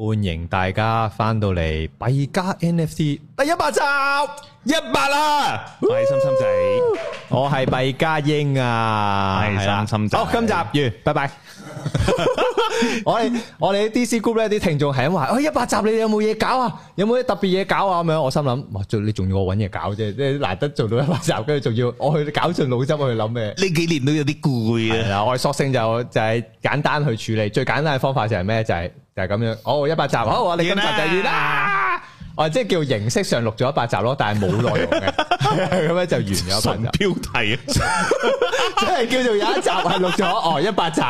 歡迎大家翻到嚟《畢加 NFT》第一百集，一百啦！我係心心仔，我係畢加英啊，係心心仔。哦，今集完，拜拜。我哋我哋 DC Group 咧，啲聽眾係咁話，哎，一百集你哋有冇嘢搞啊？有冇啲特別嘢搞啊？咁樣我心諗，哇，做你仲要我搵嘢搞啫，即係難得做到一百集，跟住仲要我去搞盡腦汁去諗咩？呢幾年都有啲攰啊！我哋索性就就係簡單去處理，最簡單嘅方法就係咩？就係。就係咁樣，哦，一百集，好，啦好，我哋今集就完啦，哦啦，即係、啊就是、叫形式上錄咗一百集咯，但係冇內容嘅，咁咧 就完咗一份。標題啊！ 即係叫做有一集係錄咗哦，一百集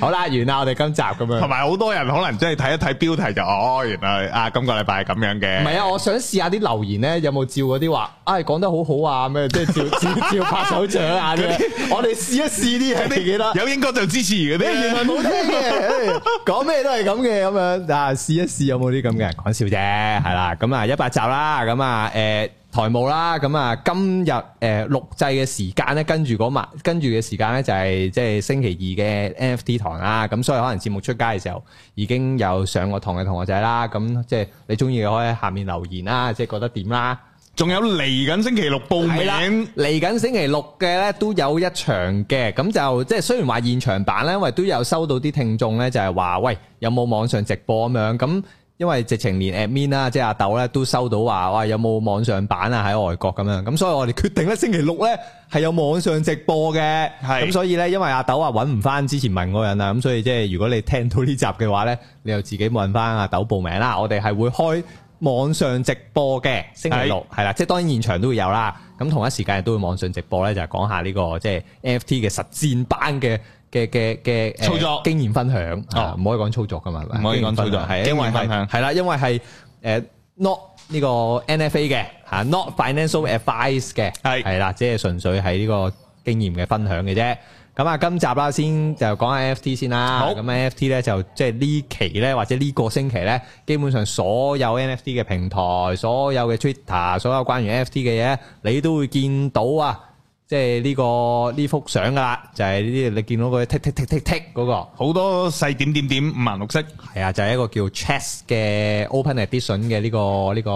好啦，完啦，我哋今集咁樣，同埋好多人可能即係睇一睇標題就哦，原來啊今個禮拜係咁樣嘅。唔係啊，我想試下啲留言咧，有冇照嗰啲話，唉講得好好啊咩，即係照照照拍手掌啊 我哋試一試啲有冇啲有應該就支持嘅啲， 原來冇聽嘅，講、欸、咩都係咁嘅咁樣啊，試一試有冇啲咁嘅，講、呃呃、笑啫，係啦，咁啊一百集啦，咁啊誒。台務啦，咁啊，今日誒錄製嘅時間咧，跟住嗰晚跟住嘅時間咧，就係即係星期二嘅 NFT 堂啦。咁所以可能節目出街嘅時候，已經有上過堂嘅同學仔啦。咁即係你中意可以喺下面留言、就是、啦，即係覺得點啦。仲有嚟緊星期六報名，嚟緊星期六嘅咧都有一場嘅。咁就即係雖然話現場版咧，因為都有收到啲聽眾咧，就係話喂有冇網上直播咁樣咁。因為直情連 admin 啦，即係阿豆咧都收到話，哇，有冇網上版啊？喺外國咁樣，咁所以我哋決定咧星期六咧係有網上直播嘅，係咁是所以咧，因為阿豆啊搵唔翻之前問嗰人啦，咁所以即係如果你聽到呢集嘅話咧，你又自己問翻阿豆報名啦，我哋係會開網上直播嘅，星期六係啦是，即係當然現場都會有啦，咁同一時間都會網上直播咧就係講下呢、呢個即係 NFT 嘅實戰班嘅。嘅嘅嘅操作經驗分享哦，唔可以講操作㗎嘛，唔可以講操作，係經驗分享，係啦，因為係誒 not 呢個 NFA 嘅嚇，not financial advice 嘅，係係啦，即係純粹係呢個經驗嘅分享嘅啫。咁啊，今集啦，先就講下 NFT 先啦。好，咁，NFT 咧就即係呢期咧，或者呢個星期咧，基本上所有 NFT 嘅平台，所有嘅 Twitter，所有關於 NFT 嘅嘢，你都會見到啊！即係呢個呢幅相㗎啦，就係呢啲你見到嗰啲剔剔剔剔剔嗰個好多細點點點，五顏六色。係啊，就係一個叫 Checks 嘅 Open Edition 嘅呢個呢個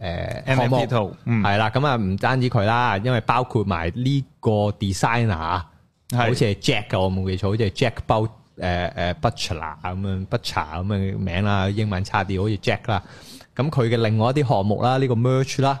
誒項目圖。嗯，係啦，咁啊唔單止佢啦，因為包括埋呢個 designer，好似係 Jack 我冇記錯，好似係 Jack Bow 誒誒 Butcher 咁樣 Butcher 咁嘅名啦，英文差啲好似 Jack 啦。咁佢嘅另外一啲項目啦，呢個 Merge 啦。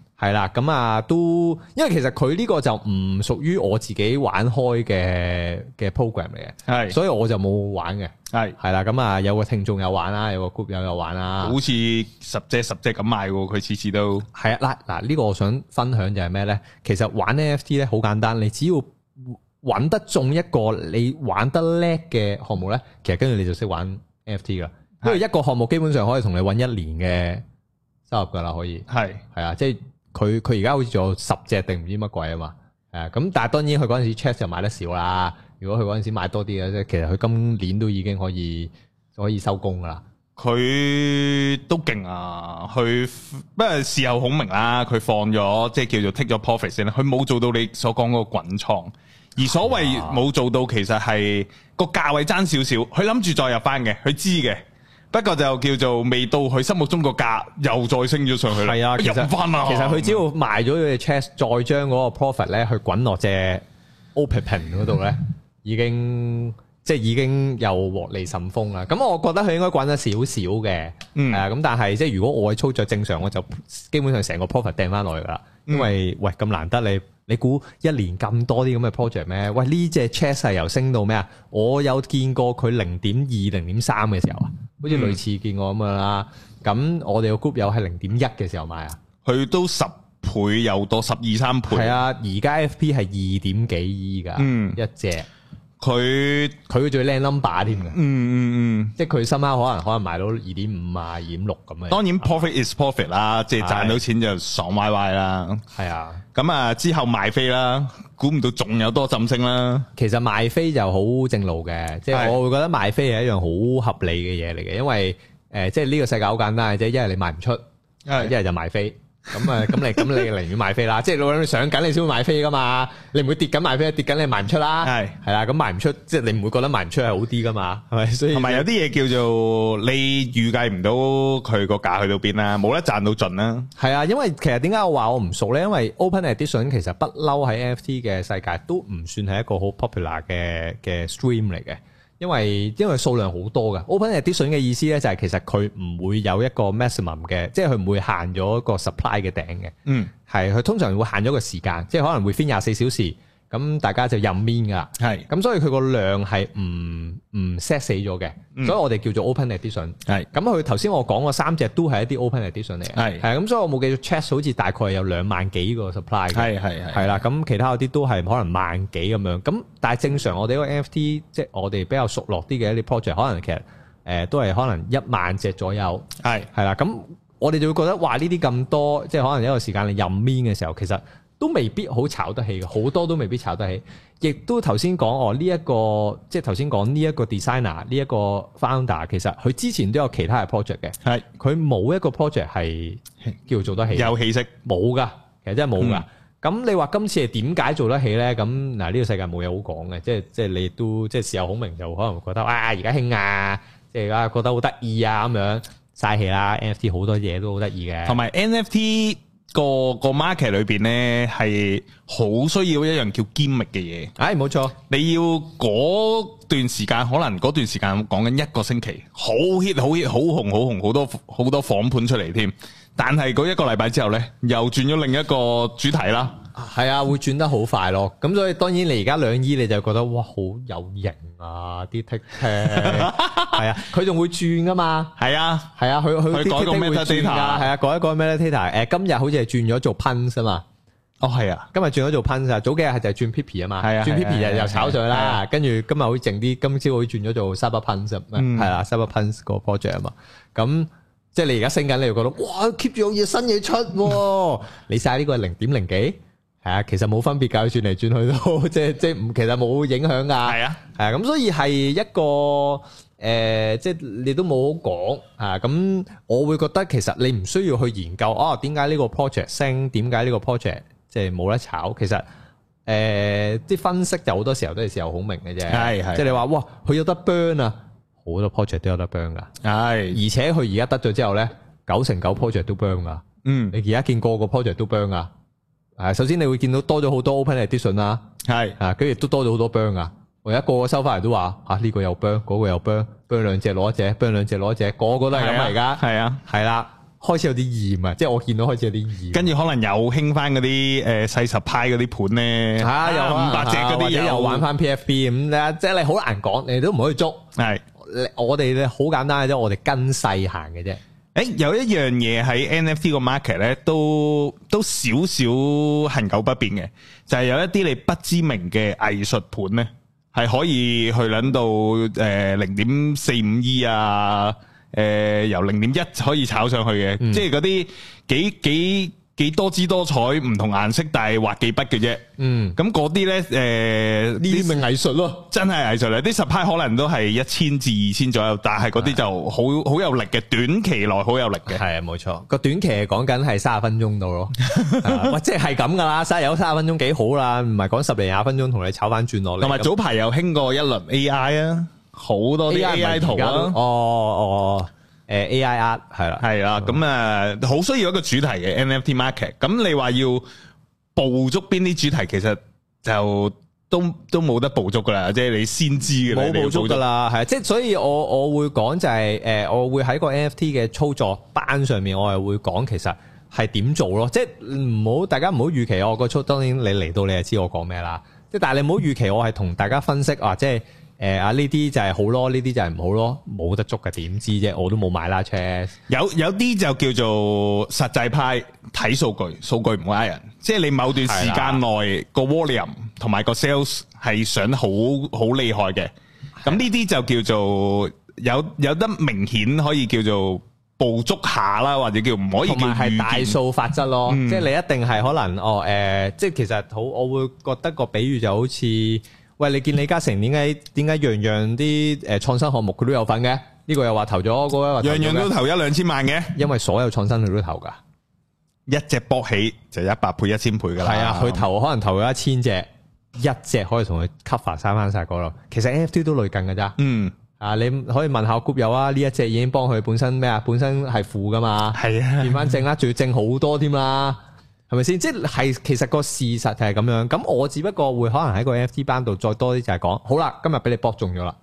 係啦，咁啊都，因為其實佢呢個就唔屬於我自己玩開嘅嘅 program 嚟嘅，係是，所以我就冇玩嘅。係是，係啦，咁啊有個聽眾有玩啦，有個 group 友有玩啦，好似十隻十隻咁賣喎，佢次次都。係啊，嗱嗱呢個我想分享就係咩呢？其實玩 NFT 咧好簡單，你只要揾得中一個你玩得叻嘅項目呢，其實跟住你就識玩 NFT 噶，因為是一個項目基本上可以同你揾一年嘅收入噶啦，可以。係是，係啊，即係。佢佢而家好似做十隻定唔知乜鬼啊嘛，誒咁但係當然佢嗰陣時 Checks 又買得少啦。如果佢嗰陣時買多啲嘅，即係其實佢今年都已經可以可以收工噶啦。佢都勁啊，佢不過事後孔明啦、啊。佢放咗即係叫做 take 咗 profit 先啦。佢冇做到你所講嗰個滾倉，而所謂冇做到其實係個價位爭少少，佢諗住再入翻嘅，佢知嘅。不過就叫做未到佢心目中個價，又再升咗上去啦。係啊，其實其實佢只要賣咗佢嘅 Checks，再將嗰個 profit 咧去滾落隻 Opepen 嗰度咧，已經即係已經有獲利甚豐啦。咁我覺得佢應該滾咗少少嘅，係啊。咁但係即係如果我嘅操作正常，我就基本上成個 profit 掟翻落去㗎啦。因為喂咁難得你。你估一年咁多啲咁嘅 project 咩？喂，呢隻 Checks 係由升到咩啊？我有見過佢零點二、零點三嘅時候啊，好似、嗯、類似見過咁樣啦。咁我哋個 group 有係零點一嘅時候買啊，佢都十倍又多十二三倍。係啊，而家 FP 係二點幾 E 噶，嗯、一隻。佢佢最靚 number 添嘅。嗯嗯嗯，即係佢深翻可能可能賣到二點五啊，二點六咁樣。當然、嗯、profit is profit 啦是，即係賺到錢就爽歪歪啦。係啊，咁啊之後賣飛啦，估唔到仲有多浸星啦。其實賣飛就好正路嘅，即係、啊、我會覺得賣飛係一樣好合理嘅嘢嚟嘅，因爲誒、呃、即係呢個世界好簡單嘅啫，一係你賣唔出，一係、啊、就賣飛。咁 啊，咁你咁你寧願買飛啦，即係你諗住上緊，你先會買飛噶嘛。你唔會跌緊買飛，跌緊你賣唔出啦。係係啦，咁賣唔出，即係你唔會覺得賣唔出係好啲噶嘛？係咪？同埋有啲嘢叫做你預計唔到佢個價去到邊啦，冇得賺到盡啦。係啊，因為其實點解我話我唔熟咧？因為 Open Edition 其實不嬲喺 NFT 嘅世界都唔算係一個好 popular 嘅嘅 stream 嚟嘅。因為因為數量好多嘅 open edition 嘅意思咧，就係其實佢唔會有一個 maximum 嘅，即係佢唔會限咗一個 supply 嘅頂嘅。嗯，係佢通常會限咗個時間，即係可能會 within 廿四小時，咁大家就任 mint 㗎，係是，咁所以佢個量係唔唔 set 死咗嘅，所以我哋叫做 open edition。係，咁佢頭先我講個三隻都係一啲 open edition 嚟嘅，係，係咁所以我冇記錯 Checks，好似大概有兩萬幾個 supply 嘅，係係係啦，咁其他嗰啲都係可能萬幾咁樣，咁但係正常我哋個 NFT，即係我哋比較熟絡啲嘅一啲 project，可能其實誒、呃、都係可能一萬隻左右，係係啦，咁我哋就會覺得話呢啲咁多，即、就、係、是、可能一個時間你任 mint 嘅時候，其實。都未必好炒得起嘅，好多都未必炒得起。亦都頭先講哦，呢、這、一個即係頭先講呢一個 designer，呢一個 founder，其實佢之前都有其他嘅 project 嘅，係佢冇一個 project 係叫做得起，有起色冇㗎，其實真係冇㗎。咁、嗯、你話今次係點解做得起咧？咁嗱，呢、這個世界冇嘢好講嘅，即係即係你都即係事後孔明，就可能會覺得啊而家興啊，即係啊覺得好得意啊咁樣嘥氣啦。NFT 好多嘢都好得意嘅，同埋 NFT。個個 market 裏邊呢係好需要一樣叫 gimmick 嘅嘢，唉冇錯，你要嗰段時間可能嗰段時間講緊一個星期好 hit 好 hit 好紅好紅，好多好多房盤出嚟添，但係嗰一個禮拜之後呢又轉咗另一個主題啦，係啊會轉得好快咯，咁所以當然你而家兩姨你就覺得哇好有型。啊啲 Tita，係啊，佢仲會轉噶嘛？係啊，係啊，佢佢 Tita 會轉噶，係啊，講一講咩咧？Tita，誒，今日好似係轉咗做噴啊嘛？哦，係啊，今日轉咗做噴啊，早幾日係就係轉 Pipi 啊嘛，係啊，轉 Pipi 又又炒咗啦，跟住今日好似剩啲，今朝好似轉咗做 Super 噴，係啦，Super 噴個 project 啊嘛，咁即係你而家升緊，你又覺得哇 keep 住有嘢新嘢出，你晒呢個係零點零幾？係啊，其實冇分別噶，轉嚟轉去都即係即係，其實冇影響噶。係啊，係咁，所以係一個誒，即係你都冇講啊。咁我會覺得其實你唔需要去研究啊，點解呢個 project 升？點解呢個 project 即係冇得炒？其實誒，啲分析就好多時候都係事後好明嘅啫。係係，即係你話哇，佢有得 burn 啊，好多 project 都有得 burn 噶。係，而且佢而家得咗之後咧，九成九 project 都 burn 噶。嗯，你而家見個個 project 都 burn 噶。啊，首先你會見到多咗好多 open edition 啦是，係啊，跟住都多咗好多 burn 噶，我而家個個收翻嚟都話，嚇呢個有 burn，嗰個有 burn，burn 兩隻攞一隻，burn 兩隻攞一隻，個個都係咁啊而家。係啊，係啦在，啊啊、開始有啲熱啊。即係我見到開始有啲熱，跟住可能又興翻嗰啲誒細十派嗰啲盤咧，嚇、啊、有五百隻嗰啲嘢又玩翻 PFB 咁、嗯、即係你好難講，你都唔可以捉，係是是我哋好簡單嘅啫，我哋跟細行嘅啫。是誒，有一樣嘢喺 NFT 個 market 咧，都都少少恆久不變嘅，就係有一啲你不知名嘅藝術盤咧，係可以去攆到誒零點四五 E 啊，誒由零點一可以炒上去嘅，即係嗰啲幾幾。幾多姿多彩，唔同顏色，但係畫幾筆嘅啫。嗯，咁嗰啲咧，誒，呢啲咪藝術咯，真係藝術嚟。啲十派可能都係一千至二千左右，但係嗰啲就好好有力嘅，短期內好有力嘅。係啊，冇錯。個短期係講緊係三十分鐘到咯，喂，即係咁噶啦，使有三十分鐘幾好啦，唔係講十零廿分鐘同你炒翻轉落嚟。同埋早排又興過一輪 AI 啊，好多啲 AI 圖啦，哦哦。誒，A I R 係啦，係啦，咁啊，好需要一個主題嘅 N F T market。咁你話要捕捉邊啲主題，其實就都都冇得捕捉噶啦，即係你先知嘅冇捕捉噶啦，係即係所以我我會講就係誒，我會喺、就是、個 N F T 嘅操作班上面，我係會講其實係點做咯，即係唔好大家唔好預期我個操，當然你嚟到你就知我講咩啦，即係但係你唔好預期我係同大家分析啊，即係。誒啊！呢啲、呃、就係好咯，呢啲就係唔好咯，冇得捉嘅點知啫，我都冇買啦 Checks 有有啲就叫做實際派，睇數據，數據唔會呃人。即係你某段時間內的個 volume 同埋個 sales 係想好好厲害嘅。咁呢啲就叫做有有得明顯可以叫做捕捉下啦，或者叫唔可以叫。同係大數法則咯，嗯、即係你一定係可能哦誒、呃，即係其實好，我會覺得個比喻就好似。喂，你見李嘉誠點解點解樣樣啲誒創新項目佢都有份嘅？呢個又話投咗，嗰個樣樣都投一兩千萬嘅。因為所有創新佢都投噶，一隻博起就一百倍、一千倍噶啦。係啊，佢投可能投咗一千隻，一隻可以同佢 cover 翻翻晒嗰度。其實 NFT 都類近噶咋。嗯，啊，你可以問下 group 友啊，呢一隻已經幫佢本身咩啊？本身係負噶嘛？係啊，變翻正啦、啊，仲要正好多添、啊、啦。係咪先？即係其實個事實就係咁樣。咁我只不過會可能喺個 NFT 班度再多啲，就係講好啦。今日俾你博中咗啦，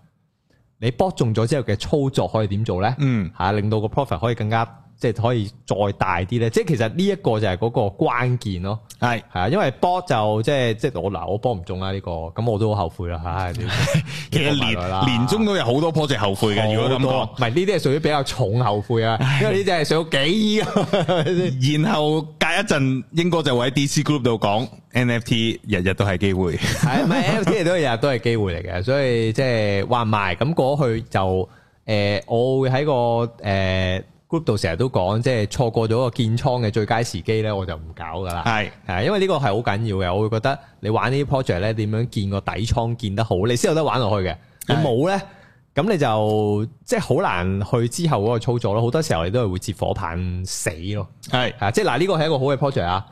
你博中咗之後嘅操作可以點做呢？嗯，吓、啊、令到個 profit 可以更加。即係可以再大啲咧，即係其實呢一個就係嗰個關鍵咯。係係啊，因為波就即係即係我嗱我波唔中啦呢個，咁我都好後悔啦吓。其實年年中都有好多波就後悔嘅，如果咁講，唔係呢啲係屬於比較重後悔啊，因為呢啲係屬幾，然後隔一陣英國就會喺 DC Group 度講 NFT 日日都係機會，係唔係 NFT 都日日都係機會嚟嘅，所以即係話唔埋，咁過去就誒我會喺個誒。group 度成日都講，即係錯過咗個建倉嘅最佳時機咧，我就唔搞噶啦。係是，係，因為呢個係好緊要嘅。我會覺得你玩呢啲 project 咧，點樣建個底倉建得好，你先是有得玩落去嘅。你冇咧，咁你就即係好難去之後嗰個操作咯。好多時候你都係會接火棒死咯。係是，係、啊，即係嗱，呢個係一個好嘅 project 啊，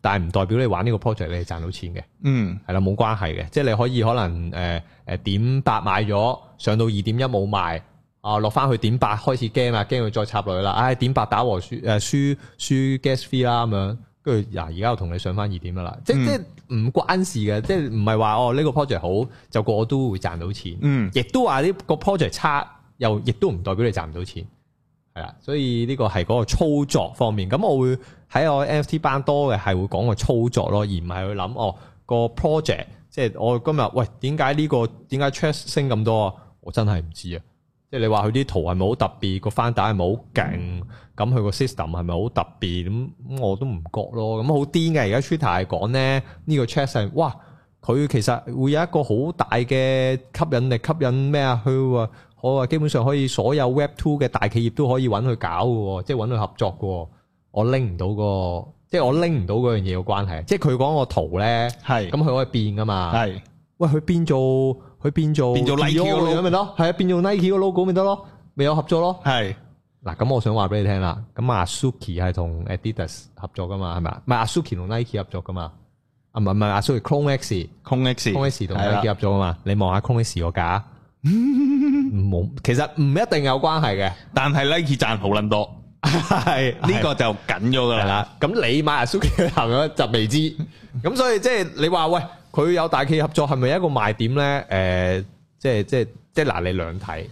但係唔代表你玩呢個 project 你係賺到錢嘅。嗯，係啦，冇關係嘅，即係你可以可能誒誒、呃呃、點八買咗，上到二點一冇賣。啊落翻去點八開始驚啊驚佢再插落去啦！唉、哎、點八打和輸誒輸輸，輸 gas fee 啦咁樣，啊、跟住嗱而家我同你上翻二點噶啦、嗯，即即唔關事嘅，即唔係話哦呢、呢個 project 好就個個都會賺到錢，嗯，亦都話呢個 project 差又亦都唔代表你賺唔到錢，係啊，所以呢個係嗰個操作方面，咁我會喺我 NFT 班多嘅係會講個操作咯，而唔係去諗哦個 project，即我今日喂點解呢個點解 Checks 升咁多啊？我真係唔知啊！即係你話佢啲圖係咪好特別？個翻打係咪好勁？咁佢個 system 係咪好特別？咁咁我都唔覺咯。咁好癲嘅，而家 Twitter 係講咧呢個 Chat，哇！佢其實會有一個好大嘅吸引力，吸引咩啊？佢話我話基本上可以所有 Web Two 嘅大企業都可以揾佢搞嘅，即係揾佢合作嘅。我拎唔到個，即係我拎唔到嗰樣嘢嘅關係。即係佢講個圖咧，係咁佢可以變噶嘛？係喂，佢變做？佢變做 Nike 個 logo 咪得，係啊變做 Nike 個 logo 咪得咯，咪有合作咯。係嗱咁，我想話俾你聽啦。咁阿 Suki 係同 Adidas 合作噶嘛，係咪啊？唔係阿 Suki 同 Nike 合作噶嘛？啊唔唔係阿 Suki，Chrome X，Chrome X，Chrome X 同 Nike 合作啊嘛。你望下 Chrome X 個價，冇，其實唔一定有關係嘅。但係 Nike 賺好撚多，係呢個就緊咗噶啦。咁你買阿 Suki 嘅鞋咧就未知。咁所以即係你話喂。佢有大企業合作係咪一個賣點咧？誒，即係即係即係嗱，你兩睇。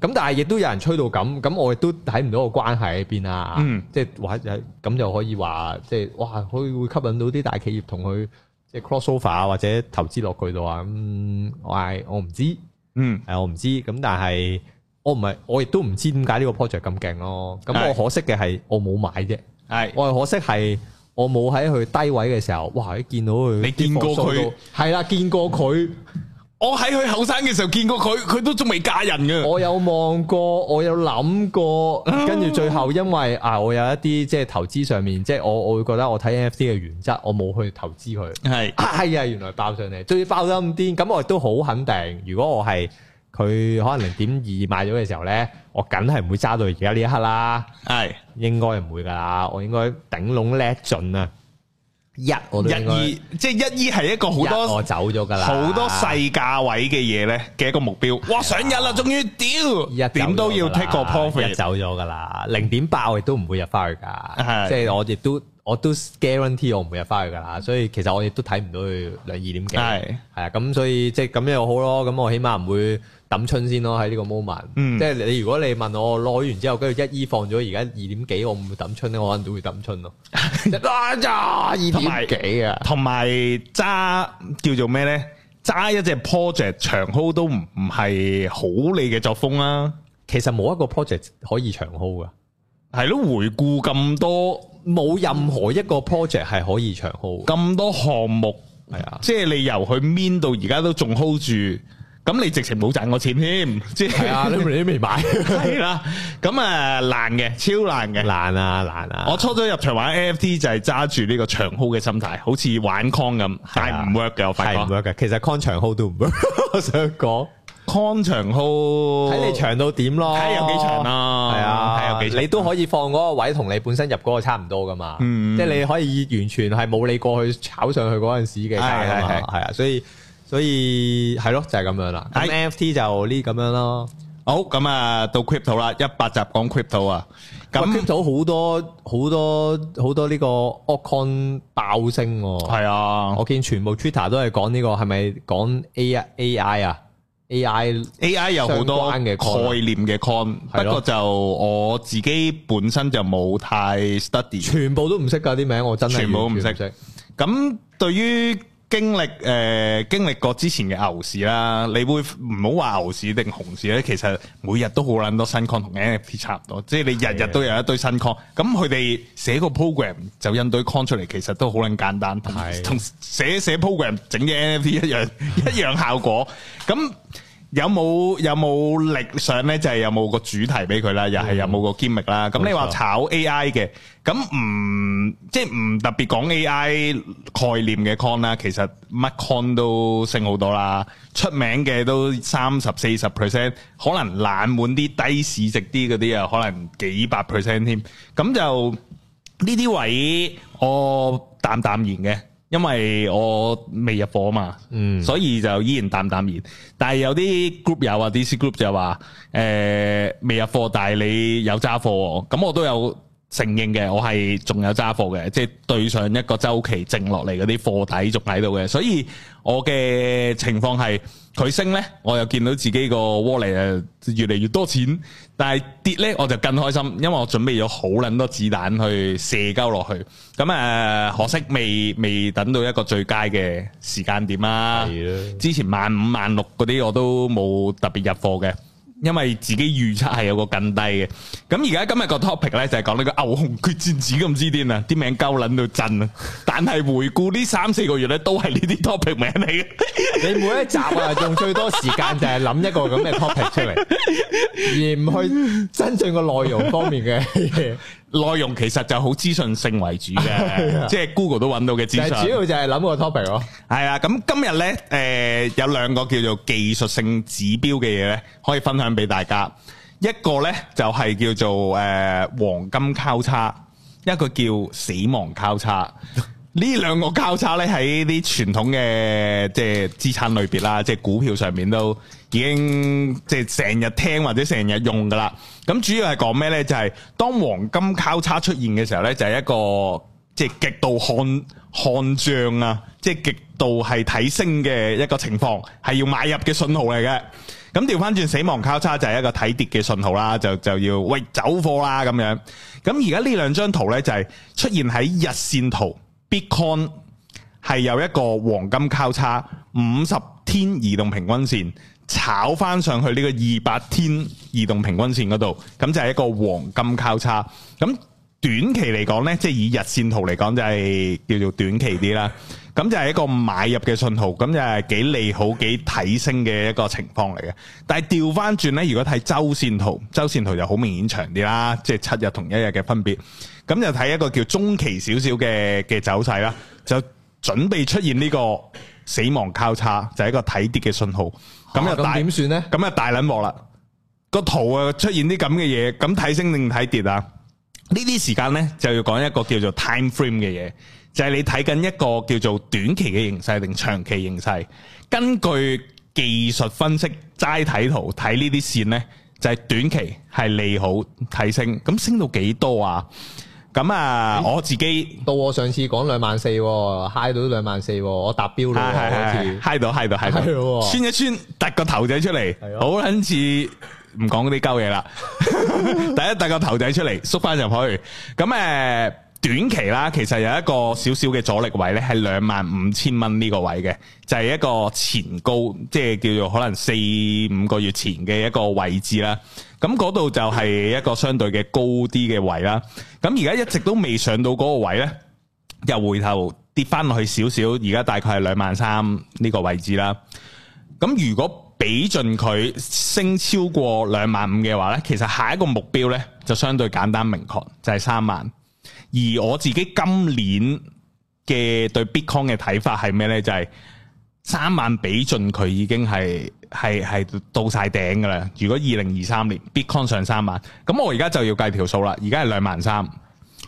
咁但係亦都有人吹到咁，咁我亦都睇唔到個關係喺邊啊！嗯，即係或者咁就可以話，即係哇，佢會吸引到啲大企業同佢即係 cross over 啊，或者投資落佢度啊。咁我係我唔知，嗯，誒我唔知。咁但係我唔係，我亦都唔知點解呢個 project 咁勁咯。咁我可惜嘅係我冇買啫。係，我係可惜係。我冇喺佢低位嘅時候，哇！你見到佢，你見過佢？係啦，見過佢。我喺佢後生嘅時候見過佢，佢都仲未嫁人嘅。我有望過，我有諗過，跟住最後因為啊，我有一啲即係投資上面，即係我我會覺得我睇 NFT 嘅原則，我冇去投資佢。係係的啊，原來爆上嚟，最爆得咁癲，咁我亦都好肯定，如果我係。佢可能零點二買咗嘅時候咧，我梗係唔會揸到而家呢一刻啦。係應該唔會噶啦，我應該頂籠叻盡啊！一我一二即係一二係一個好多我走咗噶啦，好多細價位嘅嘢咧嘅一個目標。哇！上日啦，終於屌！一點都要 take 個 profit，一走咗噶啦，零點八我亦都唔會入翻去噶。係即係我亦都我都 guarantee 我唔會入翻去噶啦。所以其實我亦都睇唔到佢兩二點幾。係係啊，咁所以即係咁樣又好咯。咁我起碼唔會抌春先咯，喺呢個 moment，即係你如果你問我攞完之後，跟住一依放咗，而家二點幾，我唔會抌春咧，我可能都會抌春咯。一扎二點幾啊！同埋揸叫做咩咧？揸一隻 project 長 hold 都唔唔係好你嘅作風啦，其實冇一個 project 可以長 hold 噶，係咯。回顧咁多，冇任何一個 project 係可以長 hold。咁多項目係啊，即係你由佢 min 到而家都仲 hold 住。咁你直情冇賺我錢添？即係啊，你未你未買？係啦，咁啊難嘅，超難嘅，難啊難啊！我初初入場玩 NFT 就係揸住呢個長 hold 嘅心態，好似玩 Con 咁，但係唔 work 嘅，我發覺唔 work 嘅。其實 Con 長 hold 都唔 work。我想講 Con 長 hold 睇你長到點咯，睇有幾長啊？係啊，睇有幾長你都可以放嗰個位同你本身入嗰個差唔多噶嘛。即係你可以完全係冇你過去炒上去嗰陣時嘅係啊，所以。所以係咯，就係、是、咁樣啦。NFT 就呢咁樣咯。好，咁、嗯呃、啊，到 crypto 啦，一百集講 crypto 啊。咁 crypto 好多好多好多呢個 coin 爆升。係啊，我見全部 Twitter 都係講呢個，係咪講 AI？AI 啊，AI，AI AI 有好多嘅概念嘅 coin、啊。不過就我自己本身就冇太 study、啊。全部都唔識㗎啲名，我真係全，全部都唔識。咁對於經歷誒、呃、經歷過之前嘅牛市啦，你會唔好話牛市定熊市咧？其實每日都好撚多新 Con 同 NFT 差唔多，即係你日日都有一堆新 Con。咁佢哋寫個 program 就印堆 Con 出嚟，其實都好撚簡單，同寫寫 program 整嘅 NFT 一樣是的 一樣效果咁。有冇有冇力上咧？就係、是、有冇個主題俾佢啦，又係有冇個標題啦。咁、嗯、你話炒 AI 嘅，咁唔即係唔特別講 AI 概念嘅 con 啦。其實乜 con 都升好多啦，出名嘅都三十四十 percent，可能冷門啲低市值啲嗰啲啊，可能幾百 percent 添。咁就呢啲位，我淡淡然嘅。因為我未入貨嘛，嗯、所以就依然淡淡然。但係有啲 group 有啊，DC group 就話誒、呃、未入貨，但係你有揸貨，咁我都有。承認嘅，我係仲有揸貨嘅，即係對上一個週期剩落嚟嗰啲貨底仲喺度嘅，所以我嘅情況係佢升咧，我又見到自己個蝸嚟啊，越嚟越多錢；但係跌咧，我就更開心，因為我準備咗好撚多子彈去射鳩落去。咁誒，可惜未未等到一個最佳嘅時間點啦！之前萬五萬六嗰啲我都冇特別入貨嘅。因為自己預測係有個更低嘅，咁而家今日個 topic 咧就係講呢個牛熊決戰紫禁之癲啊！啲名鳩撚到震啊！但係回顧呢三四個月咧都係呢啲 topic 名嚟嘅。 你每一集啊用最多時間就係諗一個咁嘅 topic 出嚟，而唔去真正個內容方面嘅內容其實就好資訊性為主嘅，的即係 Google 都揾到嘅資訊。主要就係諗個 topic 咯，哦。係啊，咁今日咧，誒、呃、有兩個叫做技術性指標嘅嘢咧，可以分享俾大家。一個咧就係、是、叫做誒、呃、黃金交叉，一個叫死亡交叉。 呢兩個交叉咧，喺啲傳統嘅即係資產類別啦，即係股票上面都已經即係成日聽或者成日用噶啦。咁主要係講咩呢？就係當黃金交叉出現嘅時候呢，就係一個即係極度看看漲啊，即係極度係睇升嘅一個情況，係要買入嘅信號嚟嘅。咁調翻轉死亡交叉就係一個睇跌嘅信號啦，就就要喂走貨啦咁樣。咁而家呢兩張圖呢，就係出現喺日線圖。Bitcoin 係有一個黃金交叉，五十天移動平均線，炒返上去呢個二百天移動平均線嗰度，咁就係一個黃金交叉咁。短期嚟講呢，即係以日線圖嚟講就係、是、叫做短期啲啦。咁就係一個買入嘅信號，咁就係幾利好、幾睇升嘅一個情況嚟嘅。但係調返轉呢，如果睇周線圖，周線圖就好明顯長啲啦，即係七日同一日嘅分別。咁就睇一個叫中期少少嘅嘅走勢啦，就準備出現呢個死亡交叉，就係、是、一個睇跌嘅信號。咁又大點算呢？咁又大撚鑊啦，個圖啊，出現啲咁嘅嘢，咁睇升定睇跌啊？呢啲時間呢，就要講一個叫做 time frame 嘅嘢，就係、是、你睇緊一個叫做短期嘅形勢定長期形勢。根據技術分析齋睇圖睇呢啲線呢，就係、是、短期係利好睇升，咁升到幾多啊？咁啊，欸、我自己到我上次講兩萬四 high 到都兩萬四，是是是是我達標啦，的好似 high 到 high 到 high 到，穿一穿突個頭仔出嚟，好捻似。唔講嗰啲鳩嘢啦， 第一帶個頭仔出嚟，縮翻入去。咁誒、呃、短期啦，其實有一個少少嘅阻力位呢係兩萬五千蚊呢個位嘅，就係、是、一個前高，即係叫做可能四五個月前嘅一個位置啦。咁嗰度就係一個相對嘅高啲嘅位啦。咁而家一直都未上到嗰個位呢，又回頭跌翻落去少少，而家大概係兩萬三呢個位置啦。咁如果俾盡佢升超過兩萬五嘅話呢，其實下一個目標呢就相對簡單明確，就係三萬。而我自己今年嘅對 Bitcoin 嘅睇法係咩呢？就係三萬俾盡佢已經係係係到晒頂噶啦。如果二零二三年 Bitcoin 上三萬，咁我而家就要計條數啦。而家係兩萬三，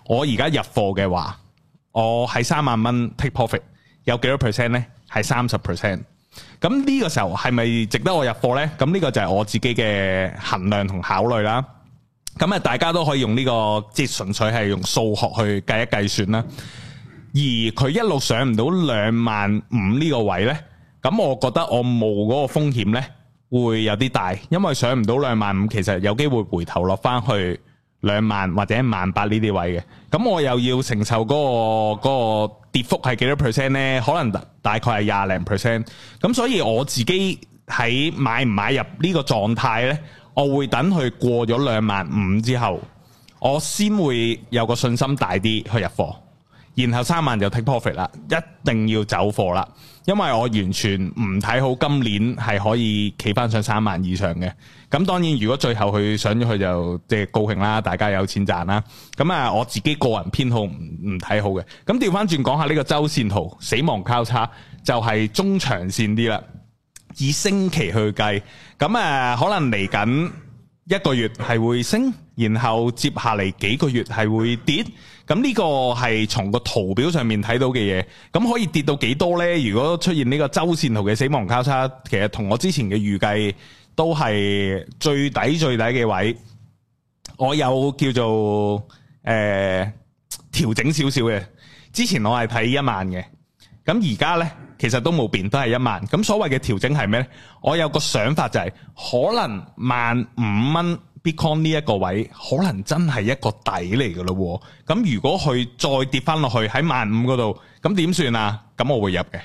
我而家入貨嘅話，我喺三萬蚊 take profit 有幾多 percent 呢？係三十 percent。咁呢個時候係咪值得我入貨呢？咁呢個就係我自己嘅衡量同考慮啦。咁啊，大家都可以用呢個即係純粹係用數學去計一計算啦。而佢一路上唔到兩萬五呢個位呢，咁我覺得我冇嗰個風險呢會有啲大，因為上唔到兩萬五，其實有機會回頭落翻去。兩萬或者萬八呢啲位嘅，咁我又要承受嗰個嗰個跌幅係幾多 percent 呢？可能大概係廿零 percent。咁所以我自己喺買唔買入呢個狀態呢，我會等佢過咗兩萬五之後，我先會有個信心大啲去入貨。然後三萬就 take profit 啦，一定要走貨啦，因為我完全唔睇好今年係可以企翻上三萬以上嘅。咁當然如果最後佢上咗去就即係高興啦，大家有錢賺啦。咁啊，我自己個人偏好唔唔睇好嘅。咁調翻轉講下呢個周線圖死亡交叉就係中長線啲啦，以星期去計。咁啊，可能嚟緊一個月係會升，然後接下嚟幾個月係會跌。咁呢個係從個圖表上面睇到嘅嘢，咁可以跌到幾多呢？如果出現呢個周線圖嘅死亡交叉，其實同我之前嘅預計都係最底最底嘅位。我有叫做誒調整少少嘅，之前我係睇一萬嘅，咁而家呢，其實都冇變，都係一萬。咁所謂嘅調整係咩呢？我有個想法就係可能萬五蚊。Bitcoin 呢一個位可能真係一個底嚟㗎咯喎，咁如果佢再跌翻落去喺萬五嗰度，咁點算啊？咁我會入嘅。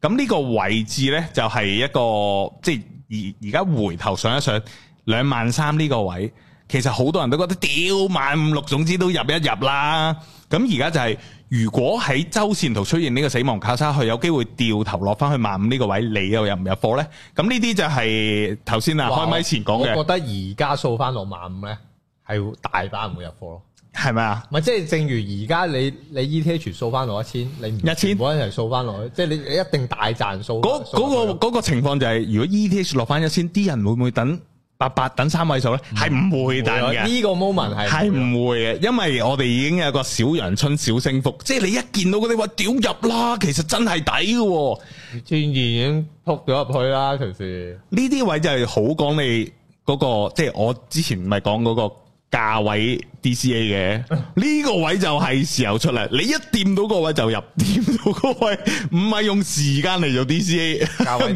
咁呢個位置呢，就係、係、一個，即係而而家回頭想一想，兩萬三呢個位，其實好多人都覺得屌萬五六，15, 6，總之都入一入啦。咁而家就係、係。如果喺周線圖出現呢個死亡交叉，佢有機會掉頭落翻去萬五呢個位，你又入唔入貨咧？咁呢啲就係頭先啊開咪前講嘅。我覺得而家掃翻落萬五咧，係大把人會入貨咯，係咪啊？唔即係正如而家你你 ETH 掃翻落一千，你唔全部一齊掃翻落去，即係你一定大賺數。嗰嗰個情況就係、是，如果 ETH 落翻一千，啲人會唔會等？八八等三位數咧，係唔、嗯、會，會，但嘅。呢個 moment 係唔會嘅，因為我哋已經有個小陽春小升幅，即係你一見到嗰啲話，屌入啦？其實真係抵嘅，自然已經撲咗入去啦。隨時呢啲位就係好講你嗰、那個，即、就、係、是、我之前唔咪講嗰個價位 DCA 嘅呢個位就係時候出嚟，你一掂到個位就入，掂到個位唔係用時間嚟做 DCA，價位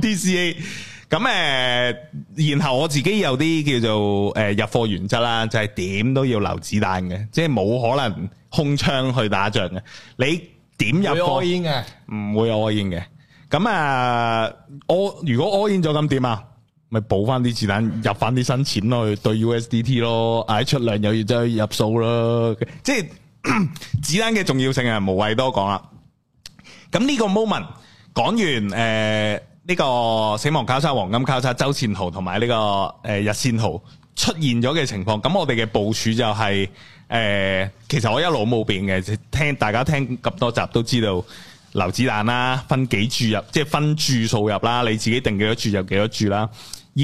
DCA DC。咁誒、嗯，然後我自己有啲叫做誒、呃、入貨原則啦，就係、是、點都要留子彈嘅，即係冇可能空槍去打仗嘅。你點入？唔會挨煙嘅。唔會有煙嘅。咁、嗯、啊，我如果挨煙咗咁點啊？咪補翻啲子彈，入翻啲新錢去咯，對 USDT 咯，挨出糧又要再入數咯。即係子彈嘅重要性係無謂多講啦。咁呢個 moment 講完誒。呃呢個死亡交叉、黃金交叉、周線圖同埋呢個誒日線圖出現咗嘅情況，咁我哋嘅部署就係、是、誒、呃，其實我一路冇變嘅，聽大家聽咁多集都知道，留子彈啦，分幾注入，即係分注數入啦，你自己定幾多注入幾多注啦。而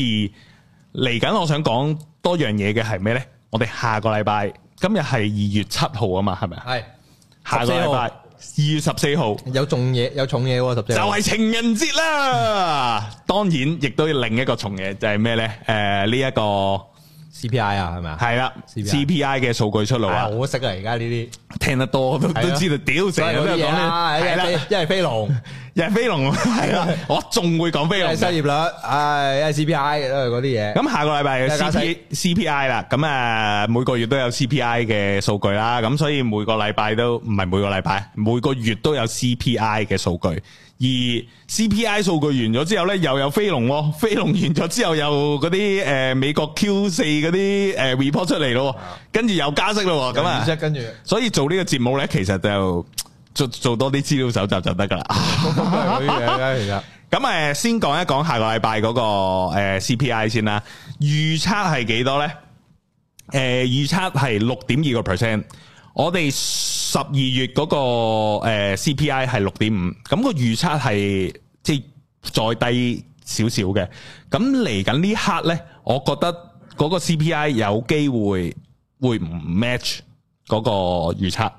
嚟緊我想講多樣嘢嘅係咩呢？我哋下個禮拜今日係二月七號啊嘛，係咪啊？係是下個禮拜。二月十四號有重嘢，有重嘢喎、啊，就係情人節啦。 當然，亦都另一個重嘢就係咩咧？誒、呃，呢、這、一個 CPI 啊，係咪啊？係啦，CPI 嘅數據出爐啊！好識啊，而家呢啲聽得多都都知道屌死了嚨啊，一係一係飛龍。 日飛龍係咯，我仲會講飛龍失業率，唉，C P I 嗰啲嘢。咁下個禮拜 C P C P I 啦，咁啊，每個月都有 C P I 嘅數據啦。咁所以每個禮拜都唔係每個禮拜，每個月都有 C P I 嘅數據。而 C P I 數據完咗之後咧，又有飛龍，飛龍完咗之後又嗰啲誒美國 Q 四嗰啲誒 report 出嚟咯，跟住又加息咯，咁啊，即係跟住，所以做呢個節目咧，其實就。做，做多啲資料搜集就得噶啦，咁嘅誒，先講一講下個禮拜，呃、嗰個誒 CPI 先啦，預測係幾多咧？誒、呃，預測係六點二個 percent。我哋十二月嗰個誒 CPI 係六點五，咁、呃、個預測係即係再低少少嘅。咁嚟緊呢刻咧，我覺得嗰個 CPI 有機會會唔 match 嗰個預測。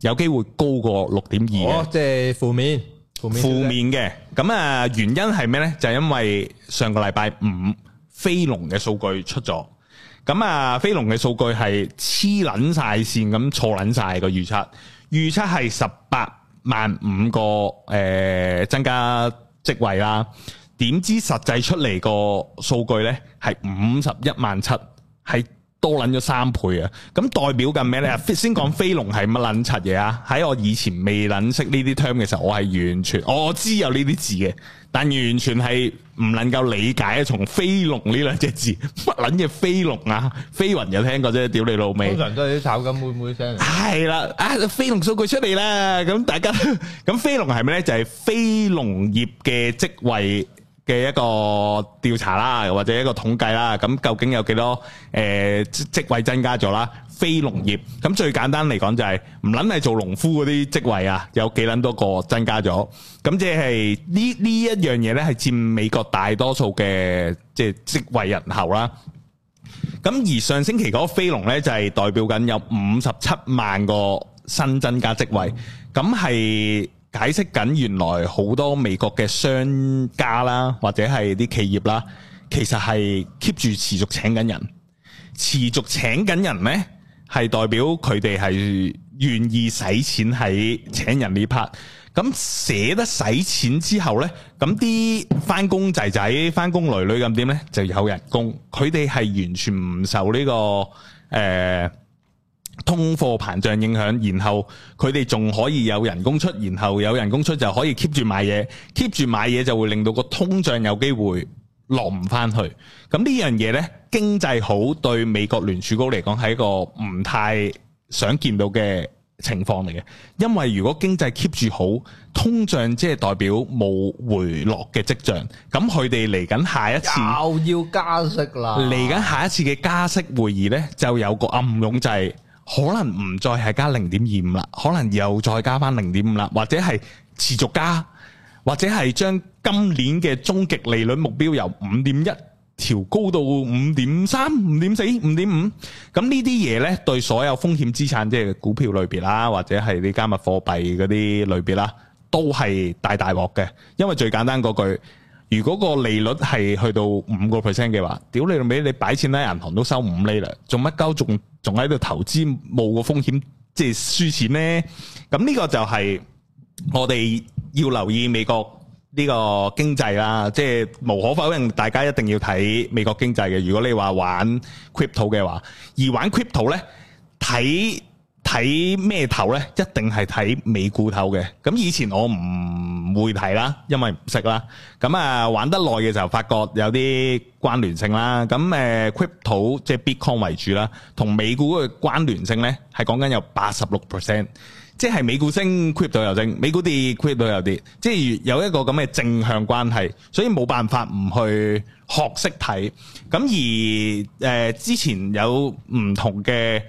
有機會高過六點二，即係、哦就是、負面，負面嘅。咁啊，原因係咩呢？就係因為上個禮拜五飛龍嘅數據出咗，咁啊，飛龍嘅數據係黐撚晒線，咁錯撚晒個預測，預測係十八萬五個誒、呃、增加職位啦，點知實際出嚟個數據呢，係五十一萬七，係。多捻咗三倍啊！咁代表緊咩咧？ 先講飛龍係乜捻柒嘢啊？喺 我以前未捻識呢啲 term 嘅時候，我係完全我知有呢啲字嘅，但完全係唔能夠理解。從飛龍呢兩隻字乜捻嘢飛龍啊？飛雲有聽過啫？屌你老味。通常都係啲炒緊妹妹聲。係啦， 啊飛龍數據出嚟啦，咁大家咁飛龍係咩咧？就係、是、飛龍業嘅職位嘅一個調查啦，又或者一個統計啦，咁究竟有幾多誒、呃、職位增加咗啦？非農業。咁最簡單嚟講就係唔撚係做農夫嗰啲職位啊，有幾撚多個增加咗？咁即係呢呢一樣嘢呢係佔美國大多數嘅即係職位人口啦。咁而上星期嗰個非農咧，就係、是、代表緊有五十七萬個新增加職位，咁係。解釋緊原來好多美國嘅商家啦，或者係啲企業啦，其實係 keep 住持續請緊人，持續請緊人咧，係代表佢哋係願意使錢喺請人呢 part。咁、嗯、捨得使錢之後呢，咁啲翻工仔仔、翻工女女咁點呢？就有人工。佢哋係完全唔受呢、這個誒。呃通貨膨脹影響，然後佢哋仲可以有人工出，然後有人工出就可以 keep 住買嘢，keep 住買嘢就會令到個通脹有機會落唔返去。咁呢樣嘢呢，經濟好對美國聯儲局嚟講係一個唔太想見到嘅情況嚟嘅，因為如果經濟 keep 住好，通脹即係代表冇回落嘅跡象，咁佢哋嚟緊下一次又要加息啦。嚟緊下一次嘅加息會議呢，就有個暗湧就係。可能唔再係加零點二五啦，可能又再加翻零點五啦，或者係持續加，或者係將今年嘅終極利率目標由五點一調高到五點三、五點四、五點五。咁呢啲嘢呢，對所有風險資產即係股票類別啦，或者係啲加密貨幣嗰啲類別啦，都係大大鑊嘅。因為最簡單嗰句，如果個利率係去到五個 percent 嘅話，屌你老味，你擺錢喺銀行都收五厘啦，做乜鳩仲？仲喺度投資冇個風險，即係輸錢咧。咁呢個就係我哋要留意美國呢個經濟啦。即係無可否認，大家一定要睇美國經濟嘅。如果你話玩 crypto 嘅話，而玩 crypto 咧睇。睇咩頭咧？一定係睇美股頭嘅。咁以前我唔會睇啦，因為唔識啦。咁啊，玩得耐嘅時候，發覺有啲關聯性啦。咁誒，crypto 即係 Bitcoin 為主啦，同美股嘅關聯性咧，係講緊有八十六 percent，即係美股升，crypto 又升；美股跌，crypto 又跌，即係有一個咁嘅正向關係。所以冇辦法唔去學識睇。咁而誒之前有唔同嘅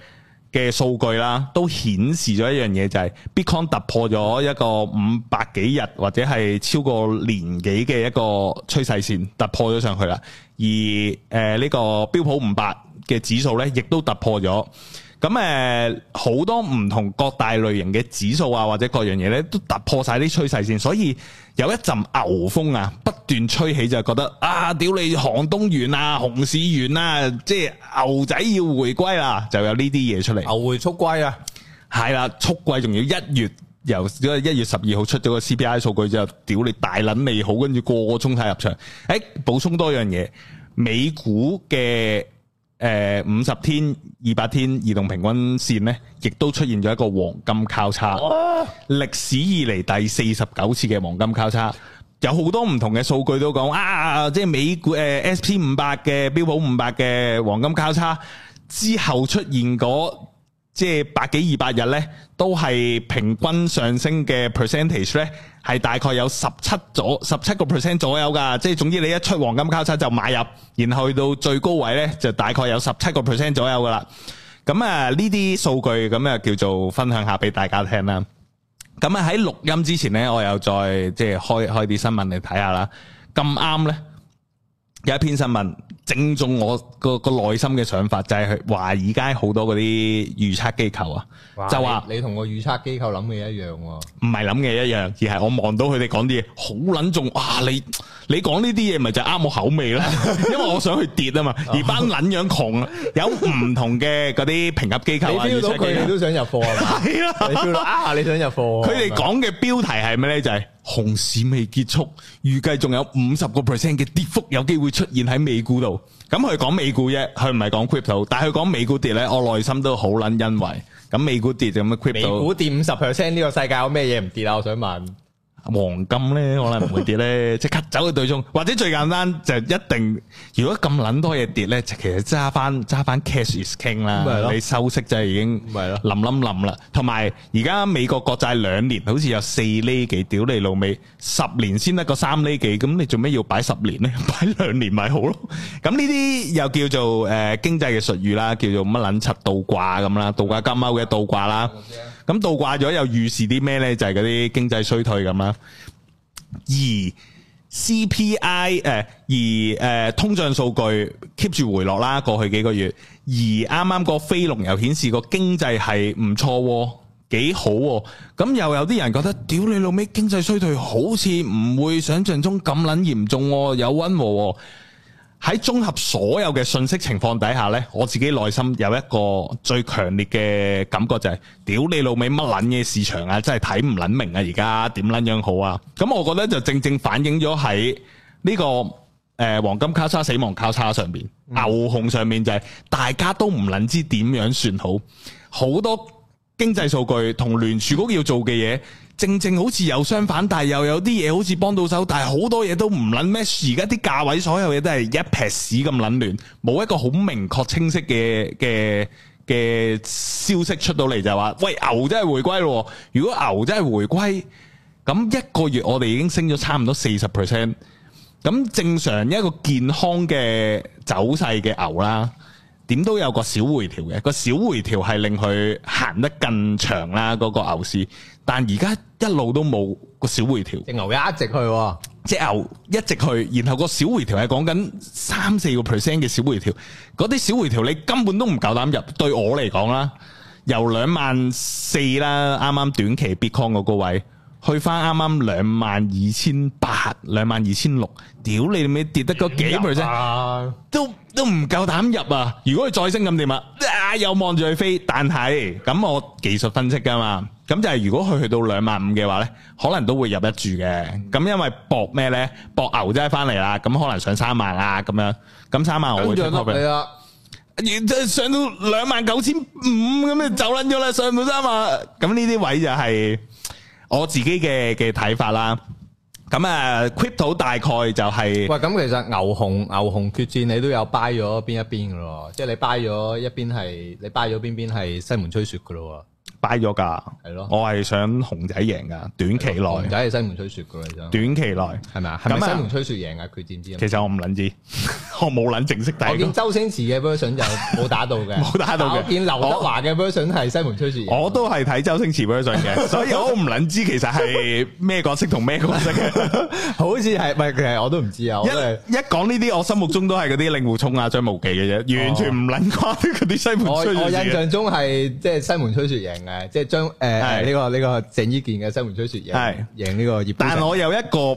嘅數據啦，都顯示咗一樣嘢就係、是、Bitcoin 突破咗一個五百幾日或者係超過年幾嘅一個趨勢線，突破咗上去啦。而誒呢、呃呢個標普五百嘅指數咧，亦都突破咗。咁誒好多唔同各大類型嘅指數啊，或者各樣嘢咧，都突破晒啲趨勢線，所以有一陣牛風啊！段吹起就覺得啊，屌你寒冬完啊，熊市完啊，即係牛仔要回歸啦，就有呢啲嘢出嚟。牛回速歸啊，係啦，速歸仲要一月由月，一月十二號出咗個 CPI 數據就屌你大捻未好，跟住個個衝晒入場。誒、欸，補充多樣嘢，美股嘅誒五十天、二百天移動平均線呢，亦都出現咗一個黃金交叉，歷哇史以嚟第四十九次嘅黃金交叉。有好多唔同嘅數據都講啊，即係美股誒、呃、S P 五百嘅標普五百嘅黃金交叉之後出現嗰即係百幾二百日咧，都係平均上升嘅 percentage 咧，係大概有十七左右十七個 percent 左右噶。即係總之你一出黃金交叉就買入，然後去到最高位咧就大概有十七個 percent 左右噶啦。咁啊呢啲數據咁啊叫做分享下俾大家聽啦。咁啊！喺錄音之前呢，我又再即係開開啲新聞嚟睇下啦。咁啱咧～有一篇新聞正中我個個內心嘅想法，就係華爾街好多嗰啲預測機構啊，哇就話說你同個預測機構諗嘅一樣喎、哦，唔係諗嘅一樣，而係我望到佢哋講啲嘢好捻重啊。你你講呢啲嘢咪就啱我口味啦、啊，因為我想去跌啊嘛，而班捻樣窮，有唔同嘅嗰啲評級機構、啊、你瞄到佢哋都想入貨啊，係啊，啊你想入貨，佢哋講嘅標題係咩咧？就係、是。熊市未結束，預計仲有五十個 percent 嘅跌幅有機會出現喺美股度。咁佢講美股啫，佢唔係講 crypto，但係佢講美股跌咧，我內心都好撚欣慰。咁美股跌就咁，crypto 美股跌五十 percent，呢個世界有咩嘢唔跌啊？我想問。黃金咧，可能唔會跌咧，即刻走去對沖，或者最簡單就一定，如果咁捻多嘢跌咧，就其實揸翻揸翻 cash is king 啦，你收息真係已經，係咯，冧冧冧啦，同埋而家美國國債兩年好似有四厘幾，屌你老味，十年先得個三厘幾，咁你做咩要擺十年咧？擺兩年咪好咯，咁呢啲又叫做誒經濟嘅術語啦，叫做乜捻柒倒掛咁啦，倒掛金鈎嘅倒掛啦。咁倒掛咗又預示啲咩呢？就係嗰啲經濟衰退咁啦。而 CPI 誒、呃，而誒、呃、通脹數據 keep 住回落啦。過去幾個月，而啱啱個非農又顯示個經濟係唔錯，幾好。咁又有啲人覺得，屌你老味，經濟衰退好似唔會想象中咁撚嚴重，有溫和。喺綜合所有嘅信息情況底下呢，我自己內心有一個最強烈嘅感覺就係、是，屌你老味乜捻嘢市場啊，真係睇唔捻明啊，而家點捻樣好啊？咁我覺得就正正反映咗喺呢個誒、呃、黃金交叉、死亡交叉上面，牛熊上面、就是，就係大家都唔捻知點樣算好，好多經濟數據同聯儲局要做嘅嘢。正正好似又相反，但係又有啲嘢好似幫到手，但係好多嘢都唔捻咩。而家啲價位，所有嘢都係一撇屎咁捻亂，冇一個好明確清晰嘅嘅嘅消息出到嚟就話，喂，牛真係回歸咯。如果牛真係回歸，咁一個月我哋已經升咗差唔多四十 percent。咁正常一個健康嘅走勢嘅牛啦，點都有個小回調嘅，個小回調係令佢行得更長啦。嗰、個牛市。但而家一路都冇個小回調，隻牛一直去、哦，隻牛一直去，然後個小回調係講緊三四個 percent 嘅小回調，嗰啲小回調你根本都唔夠膽入。對我嚟講啦，由兩萬四啦，啱啱短期 Bitcoin 個位。去翻，啱啱兩萬二千八，兩萬二千六，屌你咪跌得嗰幾倍啫，都都唔夠膽入啊！如果佢再升咁點啊？又望住佢飛，但係咁我技術分析噶嘛，咁就係如果佢去到兩萬五嘅話咧，可能都會入得住嘅。咁因為搏咩咧？搏牛仔翻嚟啦，咁可能上三萬啦，咁樣咁三萬我會。跟住啦，係啊，然即係上到兩萬九千五咁就走撚咗啦，上唔到三萬，咁呢啲位就係。我自己嘅嘅睇法啦，咁啊，Crypto 大概就係喂，咁其實牛熊牛熊決戰，你都有掰咗邊一邊嘅咯，即係你掰咗一邊係，你掰咗邊邊係西門吹雪嘅咯。擺咗噶，係咯，我係想熊仔贏噶，短期內熊仔係西門吹雪噶啦，短期內係咪啊？咁西門吹雪贏噶，佢知唔知？其實我唔捻知，我冇捻正式睇。我見周星馳嘅 version 就冇打到嘅，冇打到嘅。我見劉德華嘅 version 係西門吹雪贏。我都係睇周星馳 version 嘅，所以我唔捻知其實係咩角色同咩角色嘅，好似係咪其實我都唔知啊！因為一一講呢啲，我心目中都係嗰啲令狐沖啊、張無忌嘅啫，完全唔捻掛啲啲西門吹雪。我我印象中係即係西門吹雪贏。誒，即係將誒呢個呢個鄭伊健嘅《西門吹雪》贏贏呢個葉，但我有一個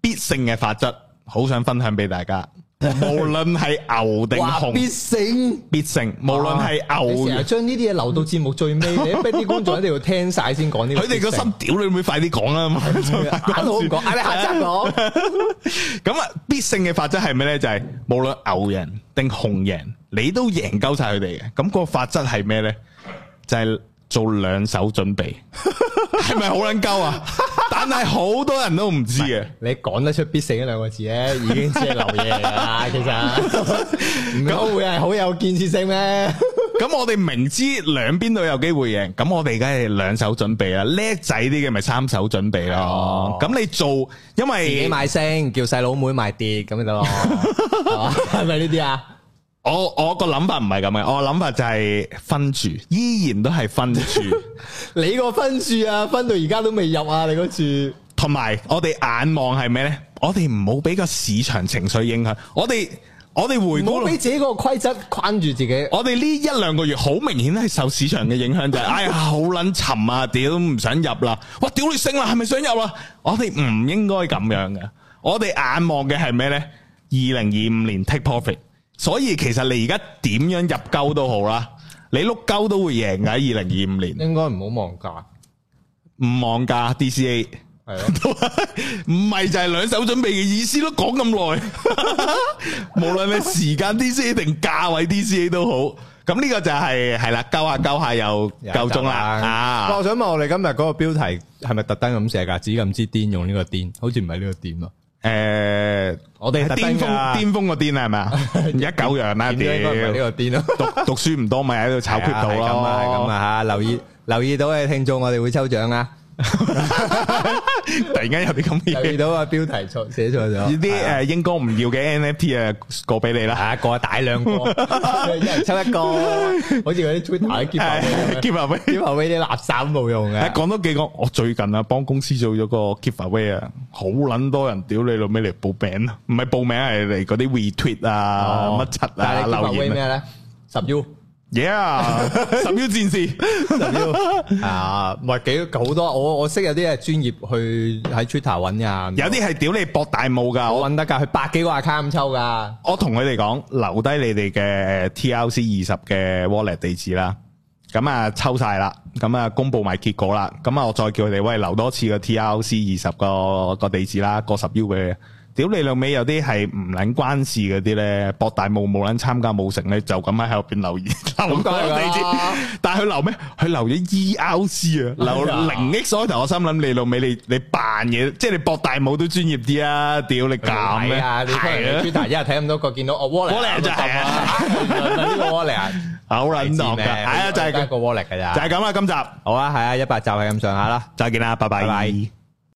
必勝嘅法則，好想分享俾大家。無論係牛定熊，必勝必勝。無論係牛，將呢啲嘢留到節目最尾，俾啲觀眾一定要聽晒先講啲。佢哋個心屌，你唔會快啲講啦嘛？點都唔講，你下次講。咁啊，必勝嘅法則係咩咧？就係無論牛人定熊人，你都贏鳩晒佢哋嘅。咁個法則係咩咧？就係。做兩手準備，係咪好撚鳩啊？ 但係好多人都唔知啊。 你講得出「必死」呢兩個字咧，已經知係流嘢啦。其實唔夠 那會係好有建設性咩？咁、 嗯、我哋明知兩邊都有機會贏，咁我哋而梗係兩手準備啦。叻仔啲嘅咪三手準備咯。咁、哦嗯、你做，因為自己買升，叫細佬妹賣跌，咁咪得咯。係咪呢啲啊？我我個諗法唔係咁嘅，我諗法就係分住，依然都係分住。 你個分住啊，分到而家都未入啊，你個住。同埋我哋眼望係咩呢？我哋唔好俾個市場情緒影響。我哋我哋回唔好俾自己個規則框住自己。我哋呢一兩個月好明顯係受市場嘅影響，就係 哎呀好捻沉啊，屌唔想入啦。哇，屌你升啦，係咪想入啊？我哋唔應該咁樣嘅。我哋眼望嘅係咩呢？二零二五年 take profit。所以其實你而家點樣入鳩都好啦，你碌鳩都會贏喺二零二五年。應該唔好望價，唔望價 DCA 係啊，唔係了 就係兩手準備嘅意思咯。講咁耐， 無論你時間 DCA 定價位 DCA 都好，咁呢個就係係啦，鳩下鳩下又夠鐘啦啊！我想問我哋今日嗰個標題係咪特登咁寫噶？紫禁之癲用呢個癲，好似唔係呢個癲啊！誒，呃、我哋係巔峰巔峰個巔啦，係咪啊？而家九陽啦，屌！呢個巔咯，讀讀書唔多咪喺度炒撇度咯。咁啊吓、啊，留意留意到嘅聽眾，我哋會抽獎啊。突然間有啲咁嘅，遇到個標題錯寫錯咗，呢啲誒應該唔要嘅 NFT 啊，過俾你啦，啊過大兩個，一人抽一個，好似嗰啲 Twitter 啲 Giveaway Giveaway Giveaway 啲垃圾冇用嘅，講多幾個，我最近啊幫公司做咗個 Giveaway 啊，好撚多人屌你老味嚟報名，唔係報名係嚟嗰啲 Retweet 啊乜柒啊留言啊，十 U。耶！Yeah, 十 U 戰士 十 U， 啊，唔係幾好多，我我識有啲係專業去喺 Twitter 搵噶，有啲係屌你博大霧噶，我搵得噶，佢我百幾個 account 咁抽噶。我同佢哋講，留低你哋嘅 TRC 二十嘅 wallet 地址啦，咁啊抽晒啦，咁啊公布埋結果啦，咁啊我再叫佢哋喂留多次嘅 TRC 二十個個地址啦，個十 U 俾屌你老味，有啲係唔撚關事嗰啲咧，博大武冇撚參加武城咧，就咁喺喺入邊留言，咁講噶。但係佢留咩？佢留咗 E L C 啊，留零 X 開頭。我心諗，你老味你你扮嘢，即係你博大武都專業啲啊！屌你搞咩？係啊，一係睇咁多個見到阿 Wallace 就係啊，呢個 Wallace 好卵蕩噶，係啊，就係一個 Wallace 噶咋，就係咁啦。今集好啊，係啊，一百集係咁上下啦，再見啦，拜拜。